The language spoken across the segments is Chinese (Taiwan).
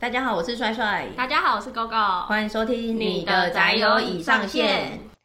大家好，我是帥帥。大家好，我是高高。歡迎收聽你的宅友已上線。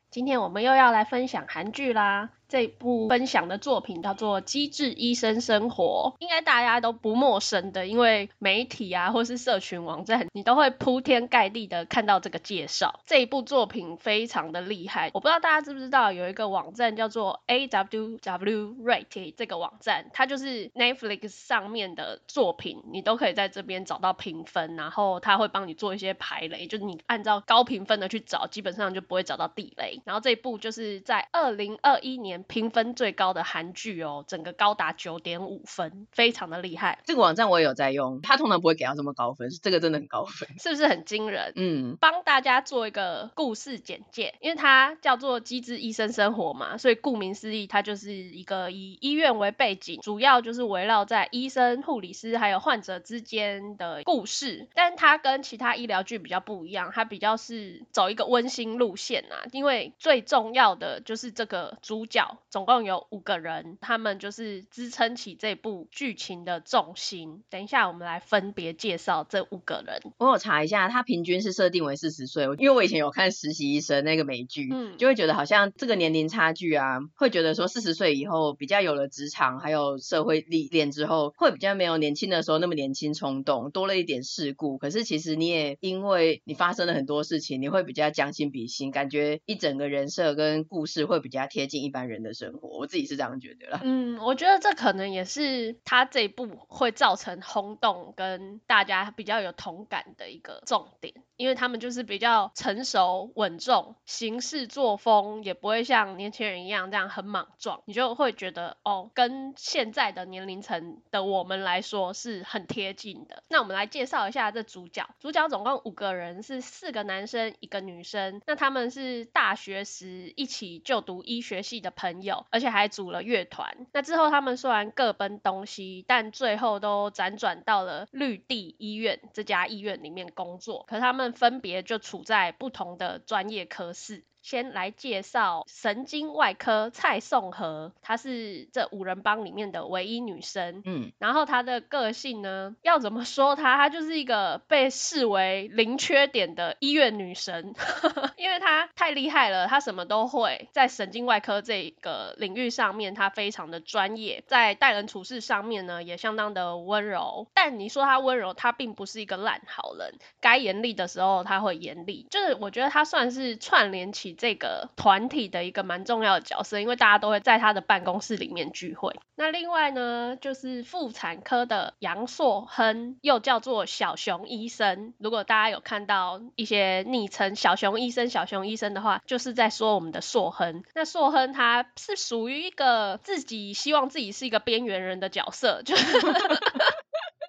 今天我們又要來分享韓劇啦。這一部分享的作品叫做《機智醫生生活》，應該大家都不陌生的，因為媒體啊或是社群網站，你都會鋪天蓋地的看到這個介紹。這一部作品非常的厲害，我不知道大家知不知道有一個網站叫做 A W W R A T E，這個網站它就是 Netflix 上面的作品，你都可以在這邊找到評分，然後它會幫你做一些排雷，就是你按照高評分的去找，基本上就不會找到地雷。然後這一部就是在二零二一年。評分最高的韓劇哦，整個高達九點五分，非常的厲害。這個網站我也有在用，它通常不會給到這麼高分，是這個真的很高分，是不是很驚人？嗯，幫大家做一個故事簡介，因為它叫做《機智醫生生活》嘛，所以顧名思義，它就是一個以醫院為背景，主要就是圍繞在醫生、護理師還有患者之間的故事。但它跟其他醫療劇比較不一樣，它比較是走一個溫馨路線啊，因為最重要的就是這個主角。總共有五個人，他們就是支撐起這部劇情的重心。等一下，我們來分別介紹這五個人。我有查一下，他平均是設定為四十歲，因為我以前有看《實習醫生》那個美劇，嗯，就會覺得好像這個年齡差距啊，會覺得說四十歲以後比較有了職場，還有社會歷練之後，會比較沒有年輕的時候那麼年輕衝動，多了一點世故。可是其實你也因為你發生了很多事情，你會比較將心比心，感覺一整個人設跟故事會比較貼近一般人的生活，我自己是這樣覺得。嗯，我覺得這可能也是他這部會造成轟動跟大家比較有同感的一個重點，因為他們就是比較成熟穩重，行事作風也不會像年輕人一樣這樣很莽撞，你就會覺得哦，跟現在的年齡層的我們來說是很貼近的。那我們來介紹一下這主角，主角總共五個人，是四個男生一個女生，那他們是大學時一起就讀醫學系的朋友，朋友，而且還組了樂團。那之後，他們雖然各奔東西，但最後都輾轉到了綠地醫院這家醫院裡面工作。可他們分別就處在不同的專業科室。先來介紹神經外科蔡頌和，她是這五人幫裡面的唯一女生。嗯，然後她的個性呢，要怎麼說她？她就是一個被視為零缺點的醫院女神，呵呵，因為她太厲害了，她什麼都會。在神經外科這個領域上面，她非常的專業；在待人處事上面呢，也相當的溫柔。但你說她溫柔，她並不是一個爛好人，該嚴厲的時候她會嚴厲。就是我覺得她算是串聯起。這個團體的一個蠻重要的角色，因為大家都會在他的辦公室裡面聚會。那另外呢，就是婦產科的楊碩亨，又叫做小熊醫生。如果大家有看到一些昵稱“小熊醫生”、“小熊醫生”的話，就是在說我們的碩亨。那碩亨他是屬於一個自己希望自己是一個邊緣人的角色，就是。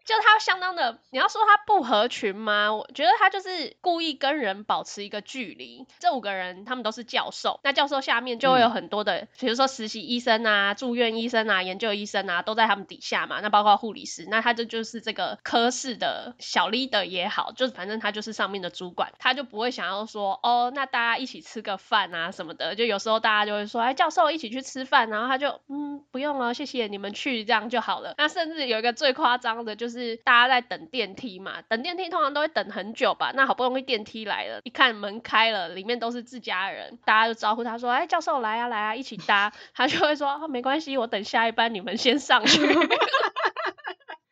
就他相當的，你要說他不合群嗎？我覺得他就是故意跟人保持一個距離。這五個人他們都是教授，那教授下面就會有很多的、嗯，比如說實習醫生啊、住院醫生啊、研究醫生啊，都在他們底下嘛。那包括護理師，那他這就，就是這個科室的小 leader 也好，就是反正他就是上面的主管，他就不會想要說哦，那大家一起吃個飯啊什麼的。就有時候大家就會說，哎，教授一起去吃飯，然後他就嗯，不用了，謝謝你們去，這樣就好了。那甚至有一個最誇張的就是。是大家在等電梯嘛？等電梯通常都會等很久吧？那好不容易電梯來了，一看門開了，裡面都是自家人，大家就招呼他說：“哎、欸，教授，來啊，來啊，一起搭。”他就會說：“哦、沒關係，我等下一班，你們先上去。 ”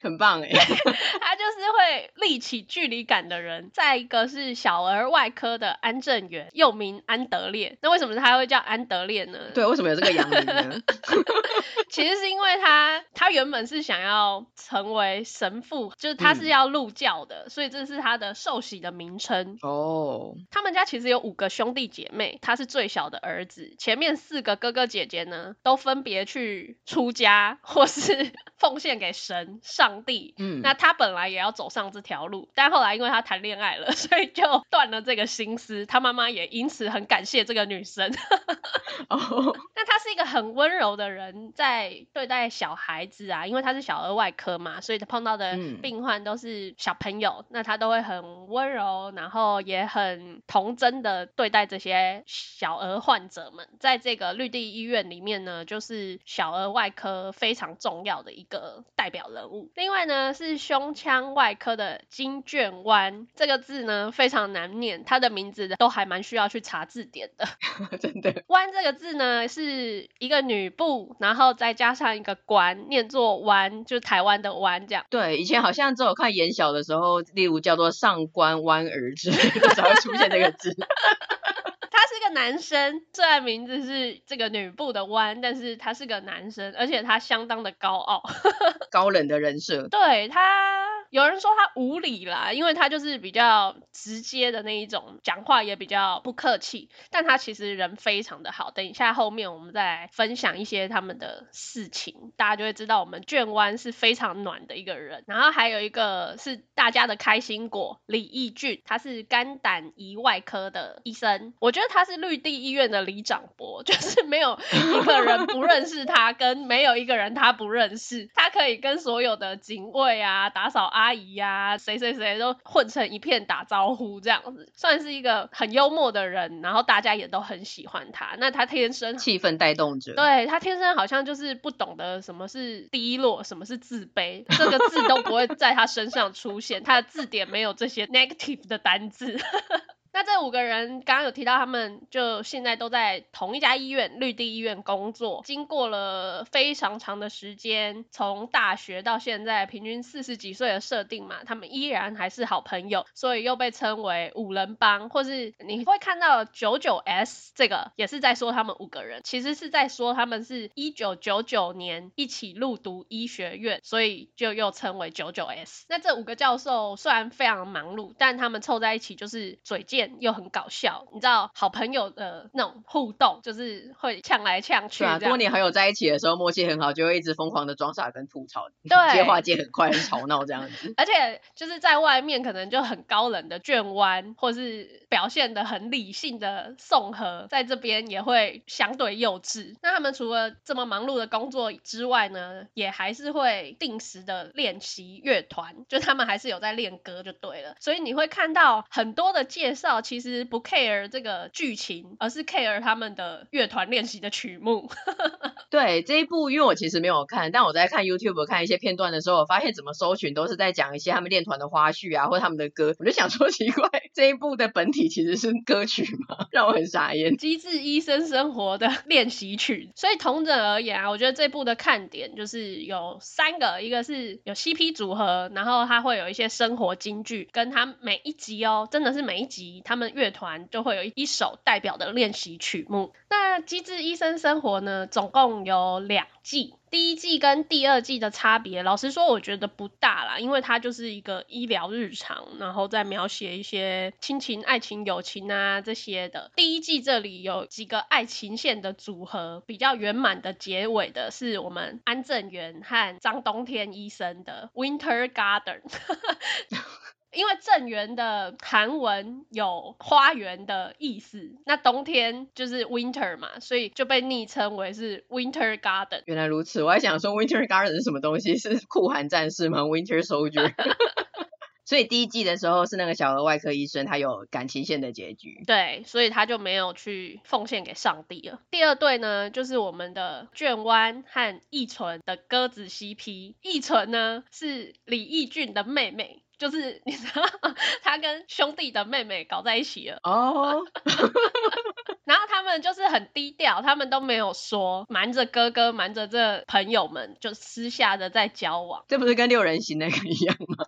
很棒哎， 他就是會立起距離感的人。再一個是小兒外科的安政元，又名安德烈。那為什麼他會叫安德烈呢？對，為什麼有這個洋名呢、啊？ 其實是因為他，他原本是想要成為神父，就是他是要入教的、嗯，所以這是他的受洗的名稱哦。他們家其實有五個兄弟姐妹，他是最小的兒子。前面四個哥哥姐姐呢，都分別去出家或是奉獻給神上。嗯，那他本來也要走上這條路，但後來因為他談戀愛了，所以就斷了這個心思。他媽媽也因此很感謝這個女生。 哦。一個很溫柔的人在對待小孩子啊，因為他是小兒外科嘛，所以他碰到的病患都是小朋友，嗯，那他都會很溫柔，然後也很童真的對待這些小兒患者們。在這個綠地醫院裡面呢，就是小兒外科非常重要的一個代表人物。另外呢，是胸腔外科的金雋婠，這個字呢非常難念，他的名字都還蠻需要去查字典的， 真的。婠這個字呢是。一個女部，然後再加上一個官，念作“灣”，就是台灣的“灣”這樣。對，以前好像只有看演小的時候，例如叫做“上官婉兒”之類的，才會出現這個字。 這個男生，雖然名字是這個女部的婉，但是他是個男生，而且他相當的高傲，呵呵高冷的人設。對他，有人說他無禮啦，因為他就是比較直接的那一種，講話也比較不客氣。但他其實人非常的好，等一下後面我們再來分享一些他們的事情，大家就會知道我們雋婉是非常暖的一個人。然後還有一個是大家的開心果李翊晙，他是肝膽胰外科的醫生，我覺得他是。綠地醫院的李掌博，就是沒有一個人不認識他， 跟沒有一個人他不認識，他可以跟所有的警衛啊、打掃阿姨呀、啊、誰誰誰都混成一片打招呼，這樣子算是一個很幽默的人，然後大家也都很喜歡他。那他天生氣氛帶動者，對，他天生好像就是不懂得什麼是低落，什麼是自卑，這個字都不會在他身上出現， 他的字典沒有這些 negative 的單字。 那這五個人剛剛有提到，他們就現在都在同一家醫院綠地醫院工作，經過了非常長的時間，從大學到現在，平均四十幾歲的設定嘛，他們依然還是好朋友，所以又被稱為五人幫，或是你會看到九九 S 這個也是在說他們五個人，其實是在說他們是一九九九年一起入讀醫學院，所以就又稱為九九 S。那這五個教授雖然非常忙碌，但他們湊在一起就是嘴賤。又很搞笑，你知道好朋友的那種互動，就是會嗆來嗆去。如果你好友在一起的時候，默契很好，就會一直瘋狂的裝傻跟吐槽，對。接話接很快，很吵鬧這樣子。 而且就是在外面可能就很高冷的雋婉，或是表現的很理性的頌和，在這邊也會相對幼稚。那他們除了這麼忙碌的工作之外呢，也還是會定時的練習樂團，就他們還是有在練歌就對了。所以你會看到很多的介紹。其實不 care 這個劇情，而是 care 他們的樂團練習的曲目。 對，這一部，因為我其實沒有看，但我在看 YouTube 看一些片段的時候，我發現怎麼搜尋都是在講一些他們練團的花絮啊，或他們的歌。我就想說，奇怪，這一部的本體其實是歌曲嗎？讓我很傻眼。機智醫生生活的練習曲。所以，同者而言啊，我覺得這部的看點就是有三個，一個是有 CP 組合，然後他會有一些生活金句，跟他每一集哦，真的是每一集。他們樂團就會有一首代表的練習曲目。那《機智醫生生活》呢，總共有兩季，第一季跟第二季的差別，老實說我覺得不大啦，因為它就是一個醫療日常，然後再描寫一些親情、愛情、友情啊這些的。第一季這裡有幾個愛情線的組合比較圓滿的結尾的是我們安政源和張冬天醫生的 Winter Garden。 正園的韓文有花園的意思，那冬天就是 winter 嘛，所以就被昵稱為是 Winter Garden。原來如此，我還想說 Winter Garden 是什麼東西？是酷寒戰士嗎？Winter Soldier。 所以第一季的時候是那個小兒外科醫生，他有感情線的結局。對，所以他就沒有去奉獻給上帝了。第二對呢，就是我們的卷灣和易純的鴿子 CP。易純呢是李易俊的妹妹。就是你知道嗎，他跟兄弟的妹妹搞在一起了。哦、oh. 然後他們就是很低調，他們都沒有說，瞞着哥哥，瞞着這朋友們，就私下的在交往。這不是跟六人行那個一樣嗎？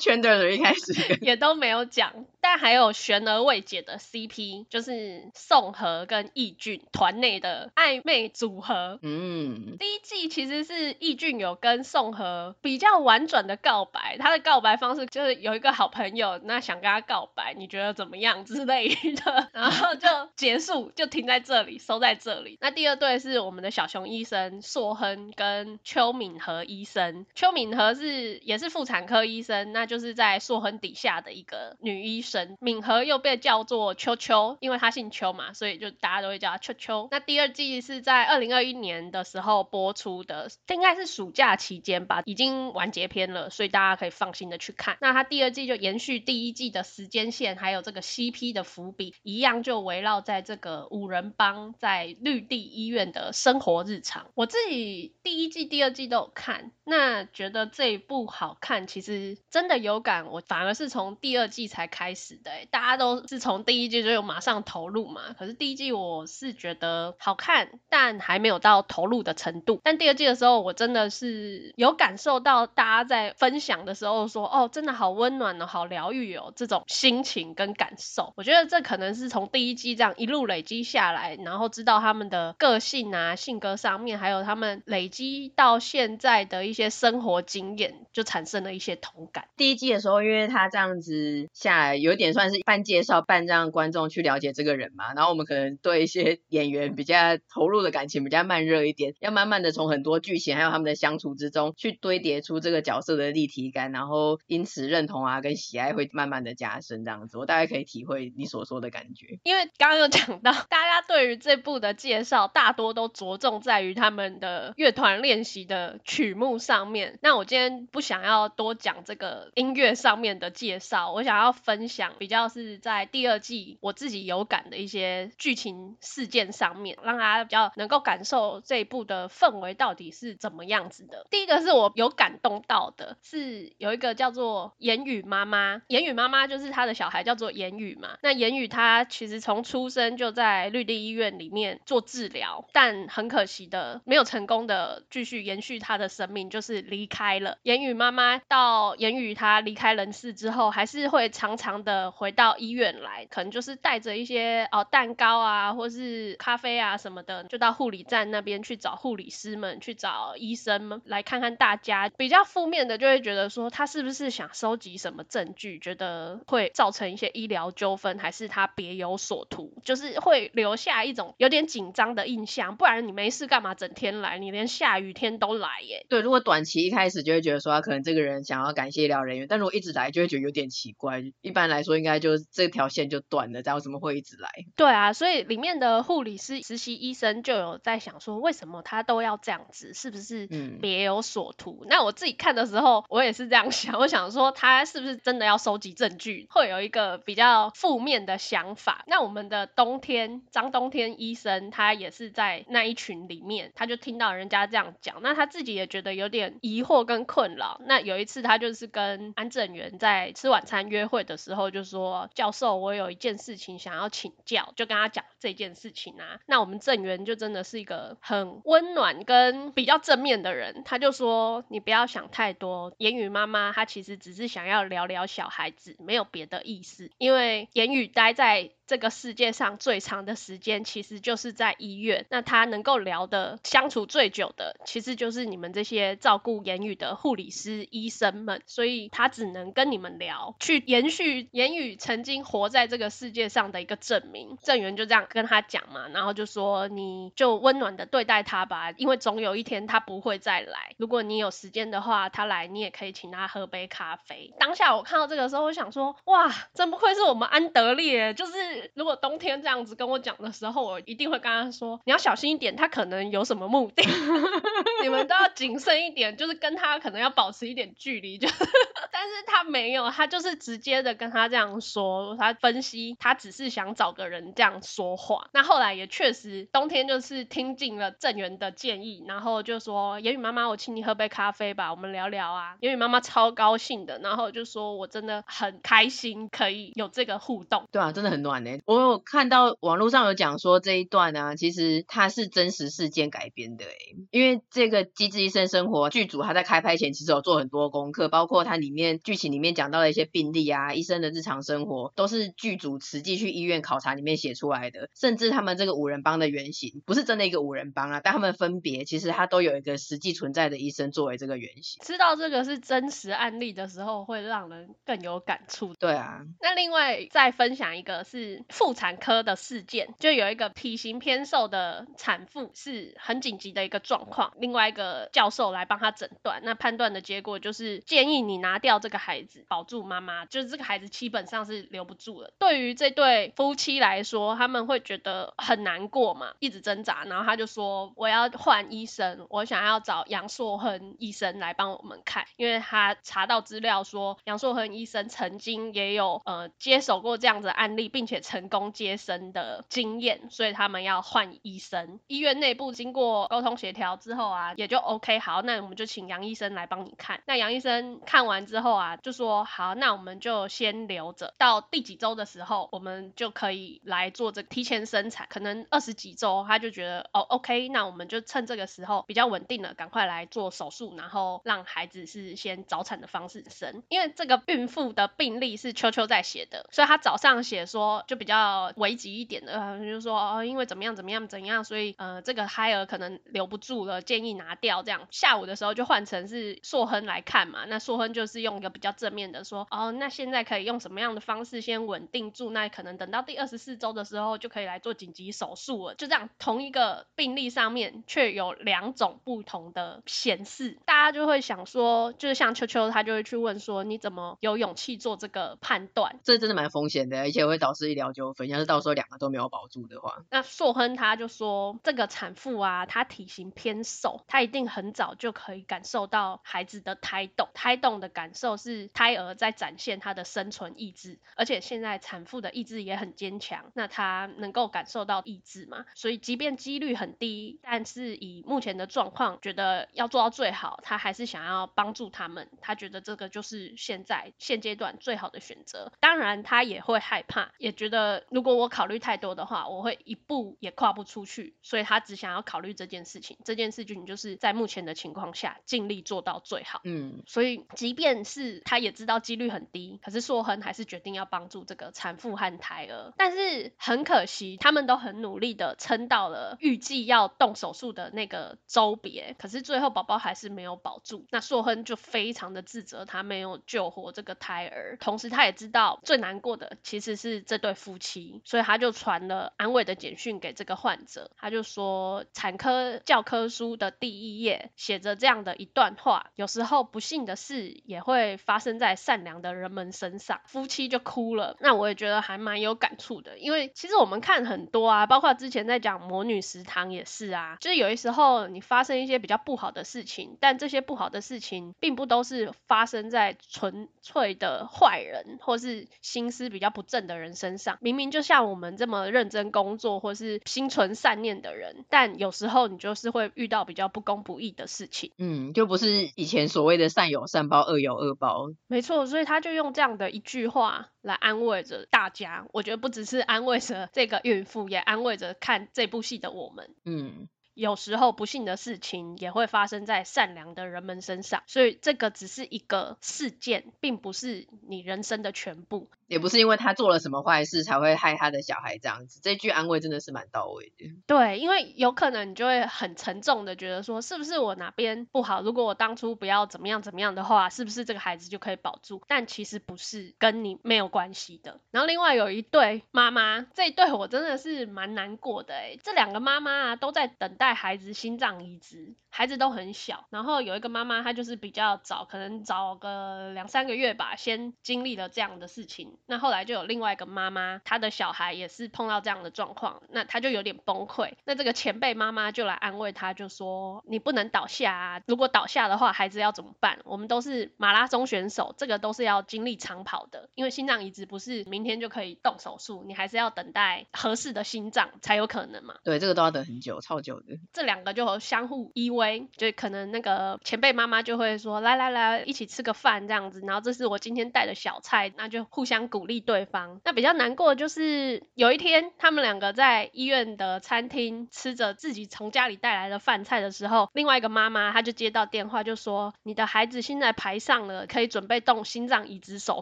圈 的一開始 也都沒有講。但還有懸而未解的 CP，就是宋和跟翼俊團內的曖昧組合。嗯，第一季其實是翼俊有跟宋和比較婉轉的告白，他的告白方式就是有一個好朋友那想跟他告白，你覺得怎麼樣之類的， 然後就結束，就停在這裡，收在這裡。那第二對是我們的小熊醫生碩亨跟秋敏荷醫生，秋敏荷是也是婦產科醫生，那就是在碩亨底下的一個女醫。敏和又被叫做秋秋，因為他姓秋嘛，所以就大家都會叫他秋秋。那第二季是在二零二一年的時候播出的，應該是暑假期間吧，已經完結篇了，所以大家可以放心的去看。那它第二季就延續第一季的時間線，還有這個 CP 的伏筆，一樣就圍繞在這個五人幫在綠地醫院的生活日常。我自己第一季、第二季都有看，那覺得這一部好看，其實真的有感，我反而是從第二季才開始。對，大家都是從第一季就有馬上投入嘛。可是第一季我是覺得好看，但還沒有到投入的程度。但第二季的時候，我真的是有感受到大家在分享的時候說：“哦，真的好溫暖哦，好療癒哦，這種心情跟感受。”我覺得這可能是從第一季這樣一路累積下來，然後知道他們的個性啊、性格上面，還有他們累積到現在的一些生活經驗，就產生了一些同感。第一季的時候，因為他這樣子下來有。有點算是半介紹，半讓觀眾去了解這個人嘛。然後我們可能對一些演員比較投入的感情比較慢熱一點，要慢慢的從很多劇情還有他們的相處之中去堆疊出這個角色的立體感，然後因此認同啊跟喜愛會慢慢的加深這樣子。我大概可以體會你所說的感覺。因為剛剛有講到，大家對於這部的介紹大多都着重在於他們的樂團練習的曲目上面。那我今天不想要多講這個音樂上面的介紹，我想要分享。比較是在第二季我自己有感的一些劇情事件上面，讓大家比較能夠感受這一部的氛圍到底是怎麼樣子的。第一個是我有感動到的，是有一個叫做言語媽媽，言語媽媽就是他的小孩叫做言語嘛。那言語他其實從出生就在綠地醫院裡面做治療，但很可惜的沒有成功的繼續延續他的生命，就是離開了。言語媽媽到言語他離開人世之後，還是會常常的。呃，回到醫院來，可能就是帶着一些哦蛋糕啊，或是咖啡啊什麼的，就到護理站那邊去找護理師們，去找醫生們，來看看大家。比較負面的就會覺得說，他是不是想收集什麼證據，覺得會造成一些醫療糾紛，還是他別有所圖，就是會留下一種有點緊張的印象。不然你沒事幹嘛，整天來，你連下雨天都來耶？對，如果短期一開始就會覺得說，可能這個人想要感謝醫療人員，但如果一直來，就會覺得有點奇怪。一般。來說應該就是這條線就斷了，然後怎麼會一直來？對啊，所以裡面的護理師、實習醫生就有在想說，為什麼他都要這樣子？是不是別有所圖？嗯。那我自己看的時候，我也是這樣想，我想說他是不是真的要收集證據？會有一個比較負面的想法。那我們的冬天，張冬天醫生，他也是在那一群裡面，他就聽到人家這樣講，那他自己也覺得有點疑惑跟困擾。那有一次他就是跟安政源在吃晚餐約會的時候。我就說，教授，我有一件事情想要請教，就跟他講。這件事情啊，那我們鄭源就真的是一個很溫暖跟比較正面的人，他就說你不要想太多。言語媽媽她其實只是想要聊聊小孩子，沒有別的意思。因為言語待在這個世界上最長的時間，其實就是在醫院。那他能夠聊的相處最久的，其實就是你們這些照顧言語的護理師、醫生們。所以他只能跟你們聊，去延續言語曾經活在這個世界上的一個證明。鄭源就這樣。跟他講嘛，然後就說你就溫暖的對待他吧，因為總有一天他不會再來。如果你有時間的話，他來你也可以請他喝杯咖啡。當下我看到這個時候，我想說，哇，真不愧是我們安德烈耶。就是如果冬天這樣子跟我講的時候，我一定會跟他說，你要小心一點，他可能有什麼目的， 你們都要謹慎一點，就是跟他可能要保持一點距離。就是， 但是他沒有，他就是直接的跟他這樣說，他分析，他只是想找個人這樣說。話，那後來也確實，冬天就是聽進了鄭源的建議，然後就說：“言語媽媽，我請你喝杯咖啡吧，我們聊聊啊。”言語媽媽超高興的，然後就說：“我真的很開心，可以有這個互動。”對啊，真的很暖哎。我有看到網絡上有講說這一段呢、啊，其實它是真實事件改編的哎，因為這個《機智醫生生活》劇組，他在開拍前其實有做很多功課，包括它裡面劇情裡面講到的一些病例啊，醫生的日常生活，都是劇組實際去醫院考察裡面寫出來的。甚至他們這個五人幫的原型不是真的一個五人幫啊，但他們分別其實他都有一個實際存在的醫生作為這個原型。知道這個是真實案例的時候，會讓人更有感觸。對啊，那另外再分享一個是婦產科的事件，就有一個體型偏瘦的產婦是很緊急的一個狀況，另外一個教授來幫他診斷，那判斷的結果就是建議你拿掉這個孩子，保住媽媽，就是這個孩子基本上是留不住了。對於這對夫妻來說，他們會覺得很難過嘛，一直掙扎，然後他就說我要換醫生，我想要找楊碩亨醫生來幫我們看，因為他查到資料說楊碩亨醫生曾經也有呃接手過這樣子的案例，並且成功接生的經驗，所以他們要換醫生。醫院內部經過溝通協調之後啊，也就 OK，好，那我們就請楊醫生來幫你看。那楊醫生看完之後啊，就說好，那我們就先留着，到第幾周的時候，我們就可以來做這個提前。先生產可能二十幾周，他就覺得哦，OK，那我們就趁這個時候比較穩定了，趕快來做手術，然後讓孩子是先早產的方式生。因為這個孕婦的病例是秋秋在寫的，所以他早上寫說就比較危急一點的，就是說哦，因為怎麼樣怎麼樣怎麼樣，所以呃，這個胎兒可能留不住了，建議拿掉。這樣下午的時候就換成是碩亨來看嘛，那碩亨就是用一個比較正面的說，哦，那現在可以用什麼樣的方式先穩定住？那可能等到第二十四周的時候就。可以來做緊急手術了，就這樣，同一個病例上面卻有兩種不同的顯示，大家就會想說，就是像秋秋，他就會去問說，你怎麼有勇氣做這個判斷？這真的蠻風險的，而且會導致醫療糾紛。要是到時候兩個都沒有保住的話，那碩亨他就說，這個產婦啊，她體型偏瘦，她一定很早就可以感受到孩子的胎動，胎動的感受是胎兒在展現他的生存意志，而且現在產婦的意志也很堅強，那她。能夠感受到意志嘛，所以即便幾率很低，但是以目前的狀況，覺得要做到最好，他還是想要幫助他們。他覺得這個就是現在現階段最好的選擇。當然，他也會害怕，也覺得如果我考慮太多的話，我會一步也跨不出去。所以他只想要考慮這件事情，這件事情就是在目前的情況下盡力做到最好。嗯，所以即便是他也知道幾率很低，可是碩亨還是決定要幫助這個產婦和胎兒。但是很可惜。他們都很努力的撐到了預計要動手術的那個週別，可是最後寶寶還是沒有保住。那碩亨就非常的自責，他沒有救活這個胎兒，同時他也知道最難過的其實是這對夫妻，所以他就傳了安慰的簡訊給這個患者。他就說，產科教科書的第一頁寫着這樣的一段話：有時候不幸的事也會發生在善良的人們身上。夫妻就哭了，那我也覺得還蠻有感觸的，因為其實我們。看很多啊，包括之前在講《魔女食堂》也是啊，就是有些時候你發生一些比較不好的事情，但這些不好的事情並不都是發生在純粹的壞人或是心思比較不正的人身上。明明就像我們這麼認真工作或是心存善念的人，但有時候你就是會遇到比較不公不義的事情。嗯，就不是以前所謂的善有善報，惡有惡報。沒錯，所以他就用這樣的一句話。來安慰着大家，我覺得不只是安慰着這個孕婦，也安慰着看這部戲的我們。嗯。有時候不幸的事情也會發生在善良的人們身上，所以這個只是一個事件，並不是你人生的全部。也不是因為他做了什麼壞事才會害他的小孩這樣子。這句安慰真的是蠻到位的。對，因為有可能你就會很沉重的覺得說，是不是我哪邊不好？如果我當初不要怎麼樣怎麼樣的話，是不是這個孩子就可以保住？但其實不是，跟你沒有關係的。然後另外有一對媽媽，這一對我真的是蠻難過的誒，這兩個媽媽啊都在等。帶孩子心臟移植，孩子都很小。然後有一個媽媽，她就是比較早，可能早個兩三個月吧，先經歷了這樣的事情。那後來就有另外一個媽媽，她的小孩也是碰到這樣的狀況，那她就有點崩潰。那這個前輩媽媽就來安慰她，就說：“你不能倒下啊，如果倒下的話，孩子要怎麼辦？我們都是馬拉松選手，這個都是要經歷長跑的。因為心臟移植不是明天就可以動手術，你還是要等待合適的心臟才有可能嘛。”對，這個都要等很久，超久的。這兩個就相互依偎，就可能那個前輩媽媽就會說：“來來來，一起吃個飯這樣子。”然後這是我今天帶的小菜，那就互相鼓勵對方。那比較難過的就是有一天，他們兩個在醫院的餐廳吃着自己從家裡帶來的飯菜的時候，另外一個媽媽她就接到電話，就說：“你的孩子現在排上了，可以準備動心臟移植手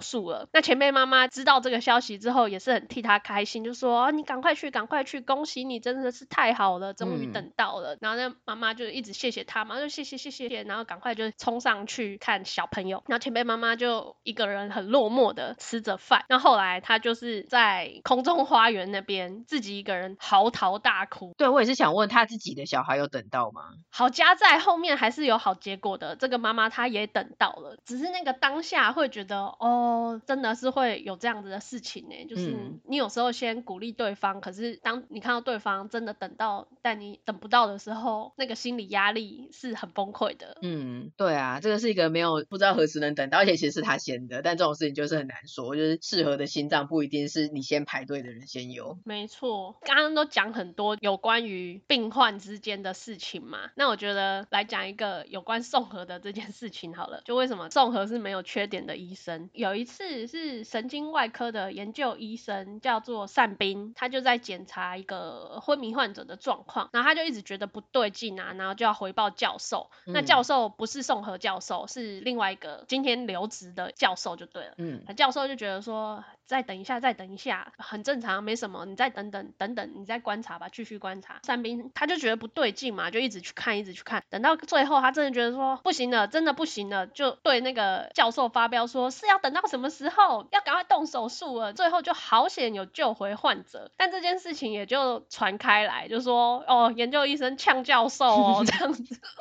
術了。”那前輩媽媽知道這個消息之後，也是很替她開心，就說：“哦，你趕快去，趕快去，恭喜你，真的是太好了，終於等。”嗯到了，然後那媽媽就一直謝謝他嘛，就謝謝謝謝謝，然後趕快就衝上去看小朋友。然後前輩媽媽就一個人很落寞的吃着飯。那後來她就是在空中花園那邊自己一個人嚎啕大哭。對，我也是想問，他自己的小孩有等到嗎？好家在，後面還是有好結果的。這個媽媽她也等到了，只是那個當下會覺得哦，真的是會有這樣子的事情呢。就是你有時候先鼓勵對方，可是當你看到對方真的等到，但你等不。到的時候，那個心理壓力是很崩潰的。嗯，對啊，這個是一個沒有、不知道何時能等到，而且其實是他先的，但這種事情就是很難說，就是適合的心臟不一定是你先排隊的人先有。沒錯，剛剛都講很多有關於病患之間的事情嘛，那我覺得來講一個有關宋和的這件事情好了，就為什麼宋和是沒有缺點的醫生？有一次是神經外科的研究醫生叫做善斌，他就在檢查一個昏迷患者的狀況，然後他就一直。覺得不對勁啊，然後就要回報教授。那教授不是宋和教授，嗯、是另外一個今天留職的教授就對了。嗯，教授就覺得說。再等一下，再等一下，很正常，沒什麼。你再等等等等，你再觀察吧，繼續觀察。三兵他就覺得不對勁嘛，就一直去看，一直去看。等到最後，他真的覺得說不行了，真的不行了，就對那個教授發飆說是要等到什麼時候，要趕快動手術了。最後就好險有救回患者，但這件事情也就傳開來，就說哦，研究醫生嗆教授哦這樣子。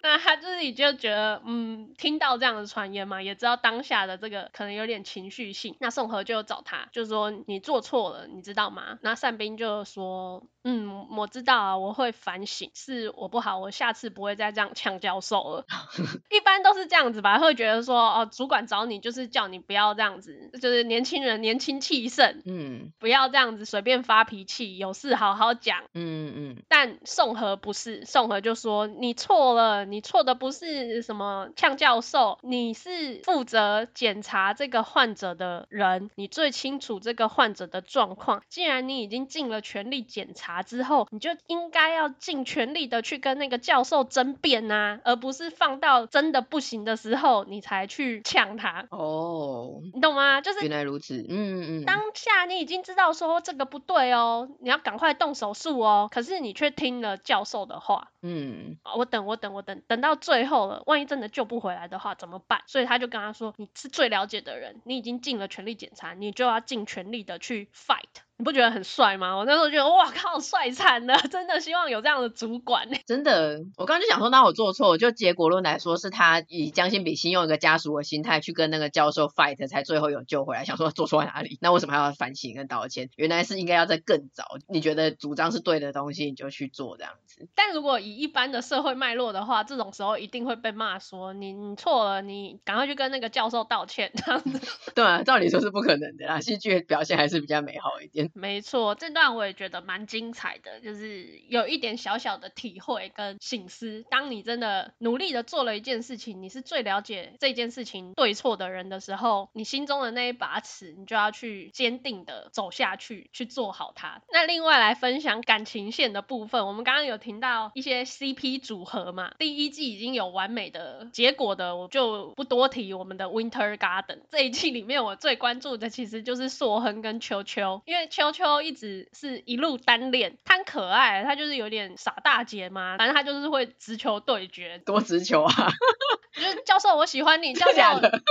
那他自己就覺得嗯，聽到這樣的傳言嘛，也知道當下的這個可能有點情緒性。那頌和就。找他就說你做錯了，你知道嗎？那先彬就說，嗯，我知道啊，我會反省，是我不好，我下次不會再這樣嗆教授了。 一般都是這樣子吧，會覺得說，哦，主管找你就是叫你不要這樣子，就是年輕人年輕氣盛，嗯，不要這樣子隨便發脾氣，有事好好講，嗯嗯。但宋和不是，宋和就說你錯了，你錯的不是什麼嗆教授，你是負責檢查這個患者的人，你。最清楚這個患者的狀況。既然你已經盡了全力檢查之後，你就應該要盡全力的去跟那個教授爭辯吶、啊，而不是放到真的不行的時候你才去嗆他。哦，你懂嗎？就是原來如此。嗯嗯嗯。當下你已經知道說這個不對哦，你要趕快動手術哦。可是你卻聽了教授的話。嗯。我等我等我等等到最後了，萬一真的救不回來的話怎麼辦？所以他就跟他說：“你是最了解的人，你已經盡了全力檢查。”你就要盡全力的去 fight。你不覺得很帥嗎？我那時候覺得哇靠，帥慘了，真的希望有這樣的主管呢。真的，我剛剛就想說，那我做錯，就結果論來說，是他以將心比心，用一個家屬的心態去跟那個教授 fight，才最後有救回來。想說做錯在哪裡？那為什麼還要反省跟道歉？原來是應該要再更早。你覺得主張是對的東西，你就去做這樣子。但如果以一般的社會脈絡的話，這種時候一定會被罵說你你錯了，你趕快去跟那個教授道歉這樣子，嗯。對啊，照理說是不可能的啦。戲劇表現還是比較美好一點。沒錯，這段我也覺得蠻精彩的，就是有一點小小的體會跟省思。當你真的努力的做了一件事情，你是最了解這件事情對錯的人的時候，你心中的那一把尺，你就要去堅定的走下去，去做好它。那另外來分享感情線的部分，我們剛剛有聽到一些 CP 組合嘛，第一季已經有完美的結果的，我就不多提。我們的 Winter Garden 這一季裡面，我最關注的其實就是碩亨跟秋秋，因為。秋秋一直是一路單戀，他很可愛，他就是有點傻大姐嘛。反正他就是會直球對決，多直球啊！ 就是教授我喜歡你，教授今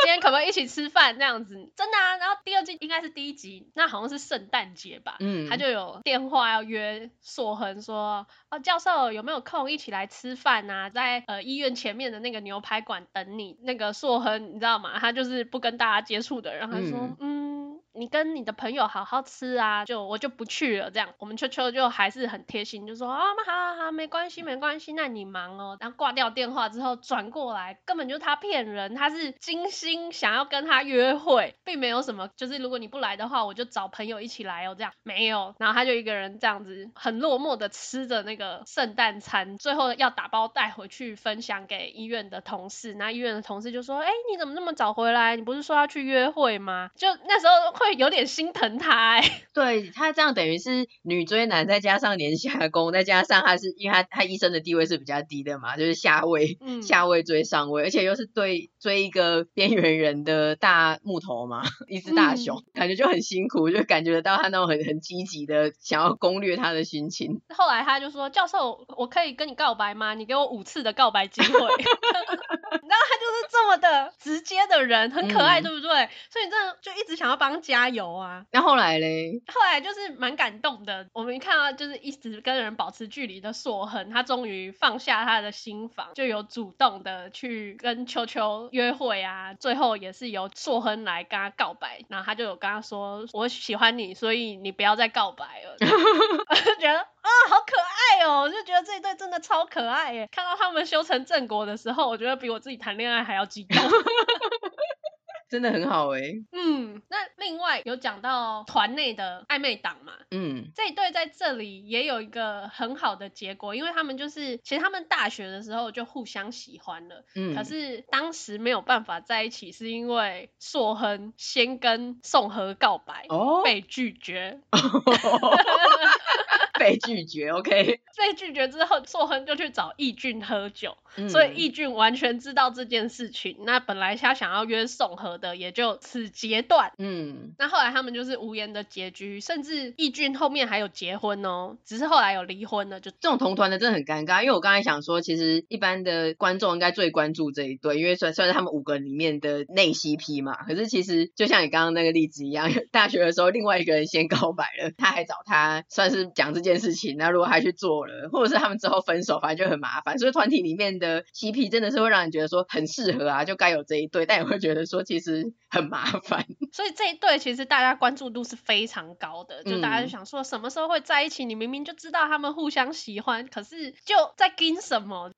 天可不可以一起吃飯？這樣子真的， 真的啊。然後第二季應該是第一集，那好像是聖誕節吧。嗯，他就有電話要約碩亨說：“哦、啊，教授有沒有空一起來吃飯啊？在呃醫院前面的那個牛排館等你。”那個碩亨你知道嗎？他就是不跟大家接觸的人、嗯。他說：“嗯。”你跟你的朋友好好吃啊，就我就不去了這樣。我們秋秋就還是很貼心，就說啊，那好好好，沒關係沒關係，那你忙哦。然後掛掉電話之後轉過來，根本就是他騙人，他是精心想要跟他約會，並沒有什麼。就是如果你不來的話，我就找朋友一起來哦。這樣沒有，然後他就一個人這樣子很落寞的吃着那個聖誕餐，最後要打包帶回去分享給醫院的同事。那醫院的同事就說，哎，你怎麼那麼早回來？你不是說要去約會嗎？就那時候會有點心疼他、欸，對他這樣等於是女追男，再加上年下攻，再加上他是因為他他醫生的地位是比較低的嘛，就是下位、嗯、下位追上位，而且又是對追一個邊緣人的大木頭嘛，一只大熊、嗯，感覺就很辛苦，就感覺得到他那種很很積極的想要攻略他的心情。後來他就說：“教授，我可以跟你告白嗎？你給我五次的告白機會。”然後他就是這麼的直接的人，很可愛，對不對、嗯？所以你真的就一直想要幫他講。加油啊！那後來嘞？後來就是蠻感動的。我們一看到就是一直跟人保持距離的碩亨，他終於放下他的心房，就有主動的去跟秋秋約會啊。最後也是由碩亨來跟他告白，然後他就有跟他說：“我喜歡你，所以你不要再告白了。 ”我就覺得啊，哦，好可愛哦！我就覺得這一對真的超可愛耶。看到他們修成正果的時候，我覺得比我自己談戀愛還要激動。 真的很好哎、欸，嗯，那另外有講到團內的曖昧黨嘛，嗯，這一對在這裡也有一個很好的結果，因為他們就是其實他們大學的時候就互相喜歡了，嗯，可是當時沒有辦法在一起，是因為碩亨先跟宋和告白，哦，被拒絕。 被拒絕，OK。被拒絕之後，碩亨就去找易俊喝酒，嗯、所以易俊完全知道這件事情。那本來他想要約頌和的，也就此截斷。嗯。那後來他們就是無言的結局，甚至易俊後面還有結婚哦，只是後來有離婚了。就這種同團的真的很尷尬，因為我剛才想說，其實一般的觀眾應該最關注這一對，因為算算是他們五個裡面的內 CP 嘛。可是其實就像你剛剛那個例子一樣，大學的時候另外一個人先告白了，他還找他，算是講自己。件事情，那如果還去做了，或者是他們之後分手，反正就很麻煩。所以團體裡面的 CP 真的是會讓人覺得說很適合啊，就該有這一對，但也會覺得說其實很麻煩。所以這一對其實大家關注度是非常高的，就大家就想說什麼時候會在一起、嗯，你明明就知道他們互相喜歡，可是就在跟什麼？嗯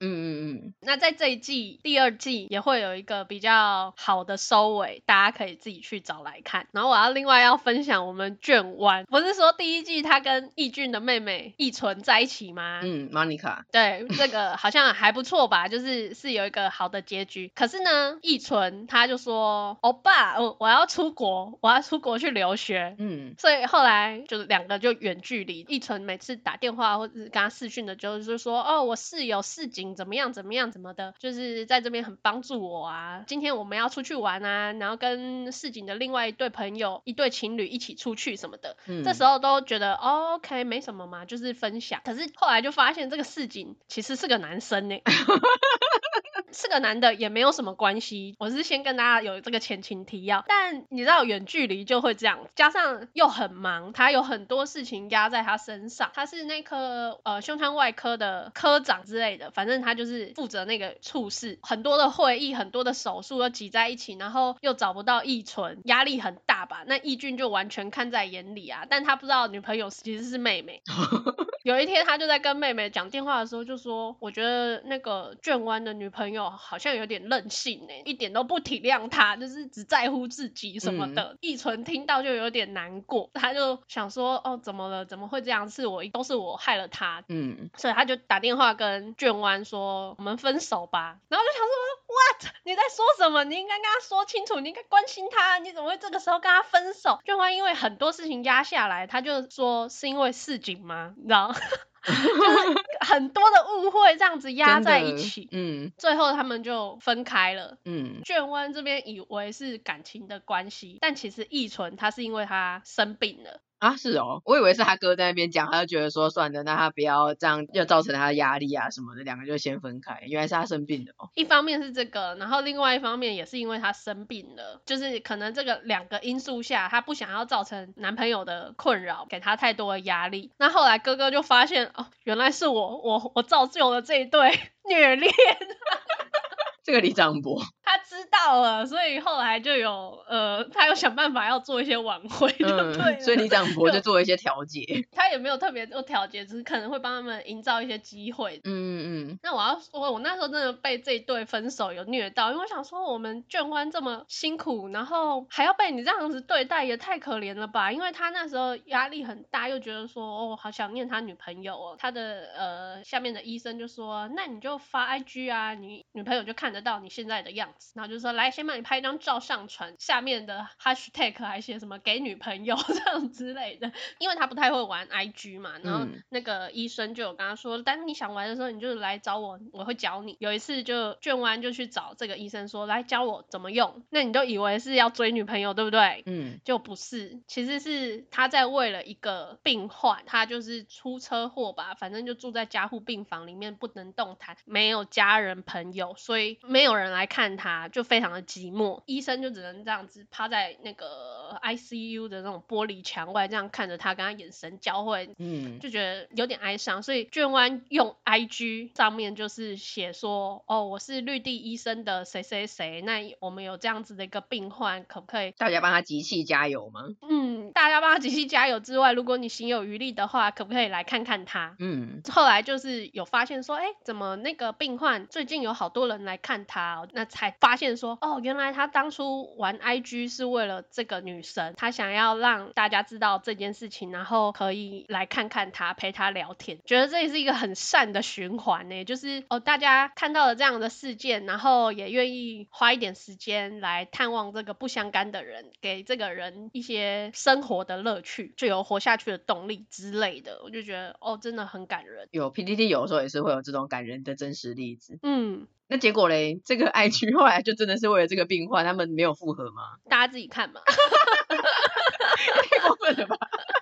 嗯嗯。那在這一季第二季也會有一個比較好的收尾，大家可以自己去找來看。然後我要另外要分享我們俊完不是說第一季他跟易俊的妹妹，易存在一起嗎？嗯，Monica，對，這個好像還不錯吧， 就是是有一個好的結局。可是呢，易存他就說，歐、哦、巴，我、嗯、我要出國，我要出國去留學。嗯，所以後來就是兩個就遠距離。易存每次打電話或是跟他視訊的，就是說，哦，我室友市井怎麼樣？怎麼樣？怎麼的？就是在這邊很幫助我啊。今天我們要出去玩啊，然後跟市井的另外一對朋友，一對情侶一起出去什麼的。嗯，這時候都覺得、哦、OK，沒什麼。嘛，就是分享，可是後來就發現這個事情其實是個男生呢。 是個男的也沒有什麼關係，我是先跟大家有這個前情提要，但你知道遠距離就會這樣，加上又很忙，他有很多事情壓在他身上，他是那顆呃胸腔外科的科長之類的，反正他就是負責那個處事，很多的會議，很多的手術都擠在一起，然後又找不到異存，壓力很大吧？那易俊就完全看在眼裡啊，但他不知道女朋友其實是妹妹。 有一天他就在跟妹妹講電話的時候就說：“我覺得那個卷彎的女朋友。”哦，好像有點任性，一點都不體諒他，就是只在乎自己什麼的。翊、嗯、純聽到就有點難過，他就想說：“哦，怎麼了？怎麼會這樣？是我，都是我害了他。”嗯，所以他就打電話跟雋完說：“我們分手吧。”然後就想說：“What？你在說什麼？你應該跟他說清楚，你應該關心他，你怎麼會這個時候跟他分手？”雋完因為很多事情壓下來，他就說是因為事情嗎？”你知道？ 就是很多的誤會這樣子壓在一起，嗯，最後他們就分開了，嗯，俊完這邊以為是感情的關係，但其實翊純他是因為他生病了。啊，是哦，我以為是他哥在那邊講，他就覺得說，算了，那他不要這樣，又造成他的壓力啊什麼的，兩個就先分開。原來是他生病的哦。一方面是這個，然後另外一方面也是因為他生病了，就是可能這個兩個因素下，他不想要造成男朋友的困擾，給他太多的壓力。那後來哥哥就發現，哦，原來是我，我，我造就了這一對虐戀。 這個李張博。他知道了，所以後來就有呃，他又想辦法要做一些挽回，對不對？所以你講我就做一些調解。他也沒有特別做調解，只是可能會幫他們營造一些機會。嗯嗯嗯。那我要說，我那時候真的被這一對分手有虐到，因為我想說我們雋婠這麼辛苦，然後還要被你這樣子對待，也太可憐了吧？因為他那時候壓力很大，又覺得說哦，好想念他女朋友哦。他的呃下面的醫生就說，那你就發 IG 啊，你女朋友就看得到你現在的樣子。然後就說，來，先幫你拍一張照上傳，下面的 hashtag，還寫什麼給女朋友這樣之類的，因為他不太會玩 IG 嘛。然後那個醫生就有跟他說，嗯、但是你想玩的時候你就來找我，我會教你。有一次就雋婉就去找這個醫生說，來教我怎麼用。那你就以為是要追女朋友對不對？嗯，就不是，其實是他在為了一個病患，他就是出車禍吧，反正就住在加護病房裡面不能動彈，沒有家人朋友，所以沒有人來看他。啊，就非常的寂寞，醫生就只能這樣子趴在那個 I C U 的那種玻璃牆外，這樣看着他跟他眼神交會，嗯，就覺得有點哀傷。所以卷彎用 I G 上面就是寫說，哦，我是綠地醫生的誰誰誰，那我們有這樣子的一個病患，可不可以大家幫他集氣加油嗎？嗯，大家幫他集氣加油之外，如果你心有餘力的話，可不可以來看看他？嗯，後來就是有發現說，哎、欸，怎麼那個病患最近有好多人來看他？那才發現說哦，原來他當初玩 IG 是為了這個女神，他想要讓大家知道這件事情，然後可以來看看他，陪他聊天，覺得這也是一個很善的循環欸。就是哦，大家看到了這樣的事件，然後也願意花一點時間來探望這個不相干的人，給這個人一些生活的樂趣，就有活下去的動力之類的。我就覺得哦，真的很感人。有 PTT 有的時候也是會有這種感人的真實例子。嗯。那結果嘞，這個愛妻後來就真的是為了這個病患，他們沒有復合嗎？大家自己看嘛。哈哈哈！哈哈哈！哈哈哈！太過分了吧？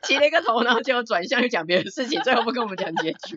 起了一個頭，然後就要轉向去講別人的事情， 最後不跟我們講結局，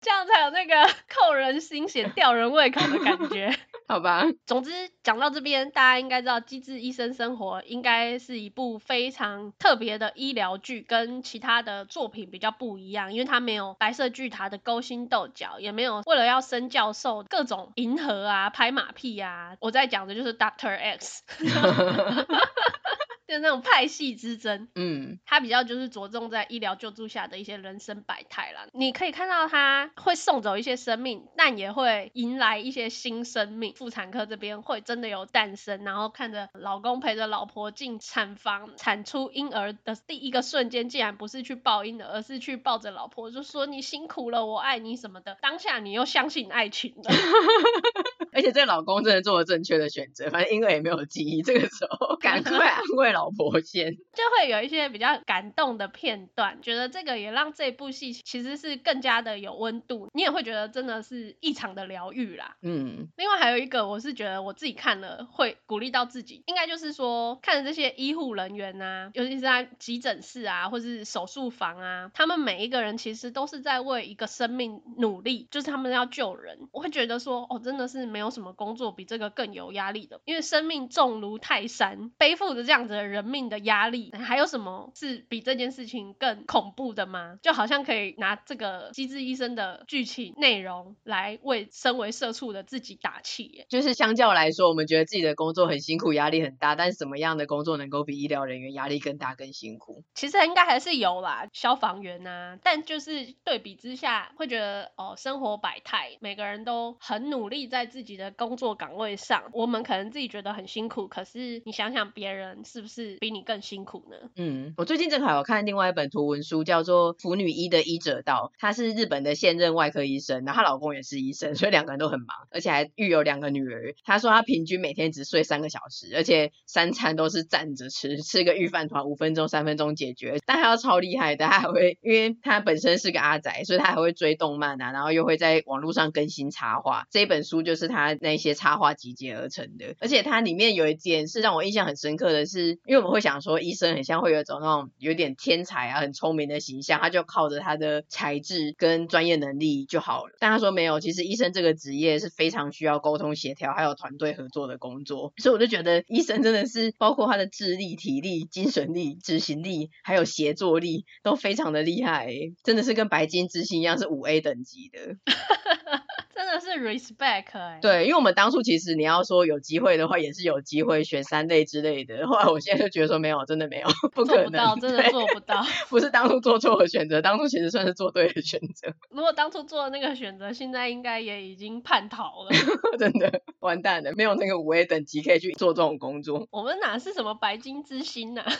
這樣才有那個扣人心弦、吊人胃口的感覺。 好吧，總之講到這邊，大家應該知道《機智醫生生活》應該是一部非常特別的醫療劇，跟其他的作品比較不一樣，因為它沒有白色巨塔的勾心鬥角，也沒有為了要升教授各種迎合啊、拍馬屁啊。我在講的就是 Doctor X。 就是那種派系之爭，嗯，他比較就是着重在醫療救助下的一些人生百態啦。你可以看到他會送走一些生命，但也會迎來一些新生命。婦產科這邊會真的有誕生，然後看着老公陪着老婆進產房，產出嬰兒的第一個瞬間，竟然不是去抱嬰兒，而是去抱着老婆就說“你辛苦了，我愛你”什麼的。當下你又相信愛情了， 而且這老公真的做了正確的選擇，反正嬰兒也沒有記憶，這個時候趕 快安、啊、慰。 老婆先就會有一些比較感動的片段，覺得這個也讓這部戲其實是更加的有溫度。你也會覺得真的是異常的療癒啦。嗯，另外還有一個，我是覺得我自己看了會鼓勵到自己，應該就是說看著這些醫護人員啊，尤其是在急診室啊，或是手術房啊，他們每一個人其實都是在為一個生命努力，就是他們要救人。我會覺得說哦，真的是沒有什麼工作比這個更有壓力的，因為生命重如泰山，背負着這樣子。人命的壓力，還有什麼是比這件事情更恐怖的嗎？就好像可以拿這個《機智醫生》的劇情內容來為身為社畜的自己打氣。就是相較來說，我們覺得自己的工作很辛苦，壓力很大，但是什麼樣的工作能夠比醫療人員壓力更大、更辛苦？其實應該還是有啦，消防員啊。但就是對比之下，會覺得哦，生活百態，每個人都很努力在自己的工作崗位上。我們可能自己覺得很辛苦，可是你想想別人是不是？是比你更辛苦呢。嗯，我最近正好有看另外一本圖文書，叫做《腐女醫的醫者道》。她是日本的現任外科醫生，然後她老公也是醫生，所以兩個人都很忙，而且還育有兩個女兒。她說她平均每天只睡三個小時，而且三餐都是站着吃，吃個御飯糰五分鐘、三分鐘解決。但她超厲害的，她還會因為她本身是個阿宅，所以她還會追動漫啊，然後又會在網絡上更新插畫。這一本書就是她那些插畫集結而成的。而且它裡面有一件事讓我印象很深刻的是。因為我們會想說，醫生很像會有一種那種有點天才啊，很聰明的形象，他就靠着他的才智跟專業能力就好了。但他說沒有，其實醫生這個職業是非常需要溝通協調，還有團隊合作的工作。所以我就覺得，醫生真的是包括他的智力、體力、精神力、執行力，還有協作力，都非常的厲害，欸，真的是跟白金之星一樣，是五 A 等級的。 真的是 respect 哎、欸，對，因為我們當初其實你要說有機會的話，也是有機會選三類之類的。後來我現在就覺得說沒有，真的沒有，不可能做不到，真的做不到。不是當初做錯的選擇，當初其實算是做對的選擇。如果當初做的那個選擇，現在應該也已經叛逃了， 真的完蛋了，沒有那個五 A 等級可以去做這種工作。我們哪是什麼白金之星呢、啊？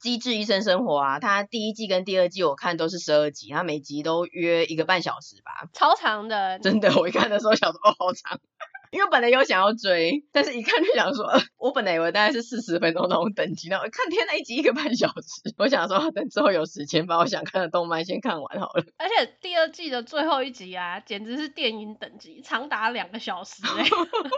機智醫生生活啊，他第一季跟第二季我看都是十二集，他每集都約一個半小時吧，超長的。真的，我一看的時候想說哦好長，因為本來有想要追，但是一看就想說，呃、我本來以為大概是四十分鐘那種等級，然後我看天哪，一集一個半小時，我想說、啊、等之後有時間把我想看的動漫先看完好了。而且第二季的最後一集啊，簡直是電影等級，長達兩個小時哎、欸。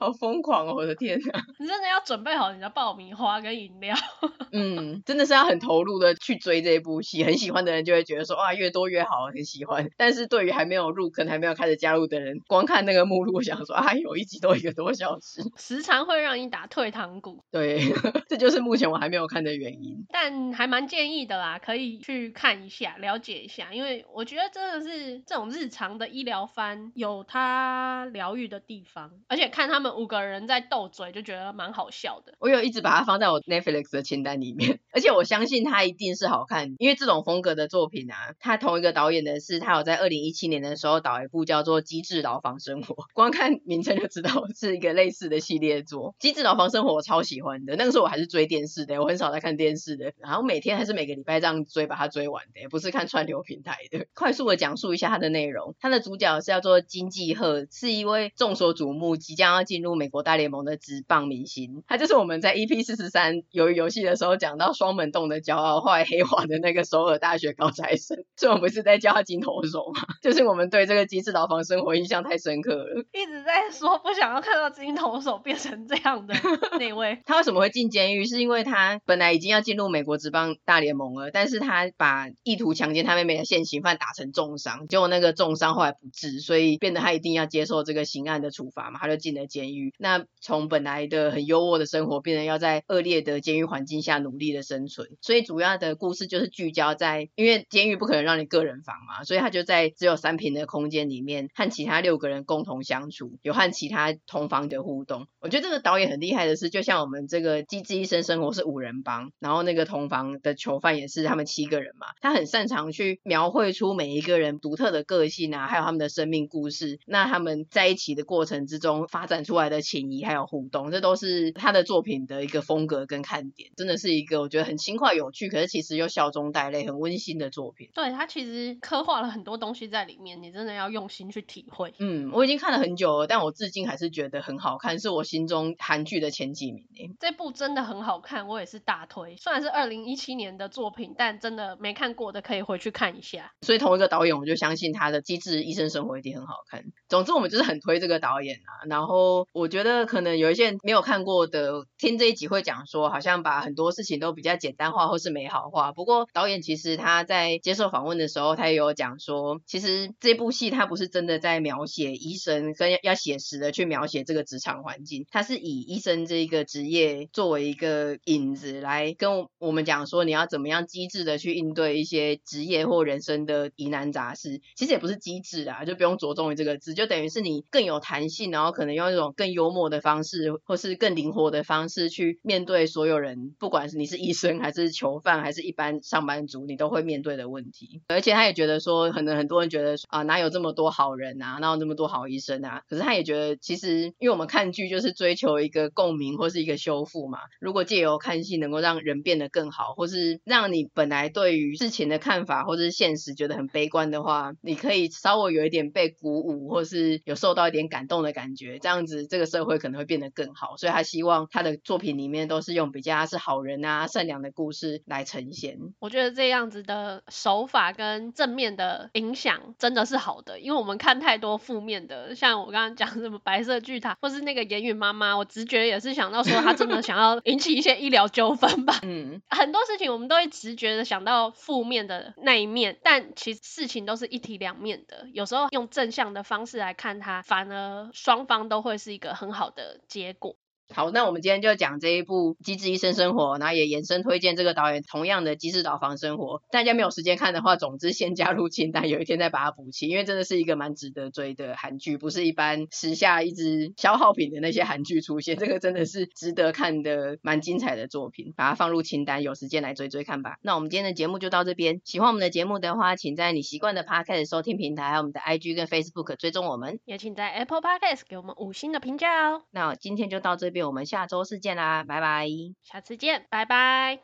好瘋狂哦！我的天哪，你真的要準備好你的爆米花跟飲料。 嗯，真的是要很投入的去追這一部戲，很喜歡的人就會覺得說，哇、啊，越多越好，很喜歡。但是對於還沒有入坑、可能還沒有開始加入的人，光看那個目錄，我想說啊，有、哎、一集都一個多小時， 時常會讓你打退堂鼓。對， 這就是目前我還沒有看的原因。但還蠻建議的啦，可以去看一下，了解一下，因為我覺得真的是這種日常的醫療番有它療癒的地方，而且看他們。五個人在鬥嘴，就覺得蠻好笑的。我有一直把它放在我 Netflix 的清單裡面，而且我相信它一定是好看，因為這種風格的作品啊，他同一個導演的是，他有在二零一七年的時候導一部叫做《機智牢房生活》，光看名稱就知道是一個類似的系列作。《機智牢房生活》我超喜歡的，那個時候我還是追電視的，我很少在看電視的，然後每天還是每個禮拜這樣追，把它追完的，不是看串流平台的。快速的講述一下它的內容，它的主角是叫做金濟赫，是一位眾所矚目，即將要進。進入美國大聯盟的職棒明星，他就是我們在 EP 四十三遊遊戲的時候講到雙門洞的驕傲，後來黑化的那個首爾大學高材生。所以我們不是在叫他金投手嗎？就是我們對這個機智牢房生活印象太深刻了，一直在說不想要看到金投手變成這樣的 那位。他為什麼會進監獄？是因為他本來已經要進入美國職棒大聯盟了，但是他把意圖強奸他妹妹的現行犯打成重傷，結果那個重傷後來不治，所以變得他一定要接受這個刑案的處罰嘛，他就進了監獄。那從本來的很優渥的生活，變成要在惡劣的監獄環境下努力的生存，所以主要的故事就是聚焦在，因為監獄不可能讓你個人房嘛，所以他就在只有三坪的空間裡面，和其他六個人共同相處，有和其他同房的互動。我覺得這個導演很厲害的是，就像我們這個《機智醫生生活》是五人幫，然後那個同房的囚犯也是他們七個人嘛，他很擅長去描繪出每一個人獨特的個性啊，還有他們的生命故事。那他們在一起的過程之中，發展出出來的情誼還有互動，這都是他的作品的一個風格跟看點，真的是一個我覺得很輕快有趣，可是其實又笑中帶淚，很溫馨的作品。對，他其實刻畫了很多東西在裡面，你真的要用心去體會。嗯，我已經看了很久了，但我至今還是覺得很好看，是我心中韓劇的前幾名欸。這部真的很好看，我也是大推。雖然是二零一七年的作品，但真的沒看過的可以回去看一下。所以同一個導演，我就相信他的《機智醫生生活》一定很好看。總之，我們就是很推這個導演啊，然後。我覺得可能有一些人沒有看過的，聽這一集會講說，好像把很多事情都比較簡單化或是美好化。不過導演其實他在接受訪問的時候，他也有講說，其實這部戲他不是真的在描寫醫生跟要寫實的去描寫這個職場環境，他是以醫生這個職業作為一個引子來跟我們講說，你要怎麼樣機智的去應對一些職業或人生的疑難雜事。其實也不是機智啊，就不用着重於這個字，就等於是你更有彈性，然後可能用那種。更幽默的方式，或是更靈活的方式去面對所有人，不管是你是醫生，還是囚犯，還是一般上班族，你都會面對的問題。而且他也覺得說，可能很多人覺得啊，哪有這麼多好人啊，哪有那麼多好醫生啊？可是他也覺得，其實因為我們看劇就是追求一個共鳴或是一個修復嘛。如果借由看戲能夠讓人變得更好，或是讓你本來對於事情的看法或是現實覺得很悲觀的話，你可以稍微有一點被鼓舞，或是有受到一點感動的感覺，這樣子。這個社會可能會變得更好，所以他希望他的作品裡面都是用比較是好人啊、善良的故事來呈現。我覺得這樣子的手法跟正面的影響真的是好的，因為我們看太多負面的，像我剛剛講什麼白色巨塔或是那個言語媽媽，我直覺也是想到說他真的想要引起一些醫療糾紛吧。嗯， 很多事情我們都會直覺的想到負面的那一面，但其實事情都是一體兩面的，有時候用正向的方式來看它，反而雙方都會是。是一個很好的結果。好，那我們今天就講這一部《機智醫生生活》，然後也延伸推薦這個導演同樣的《機智牢房生活》。大家沒有時間看的話，總之先加入清單，有一天再把它補齊，因為真的是一個蠻值得追的韓劇，不是一般時下一直消耗品的那些韓劇出現，這個真的是值得看的蠻精彩的作品，把它放入清單，有時間來追追看吧。那我們今天的節目就到這邊，喜歡我們的節目的話，請在你習慣的 Podcast 收聽平台還有我們的 IG 跟 Facebook 追蹤我們，也請在 Apple Podcast 給我們五星的評價哦。那今天就到這邊。我們下周四見啦，拜拜，下次見，拜拜。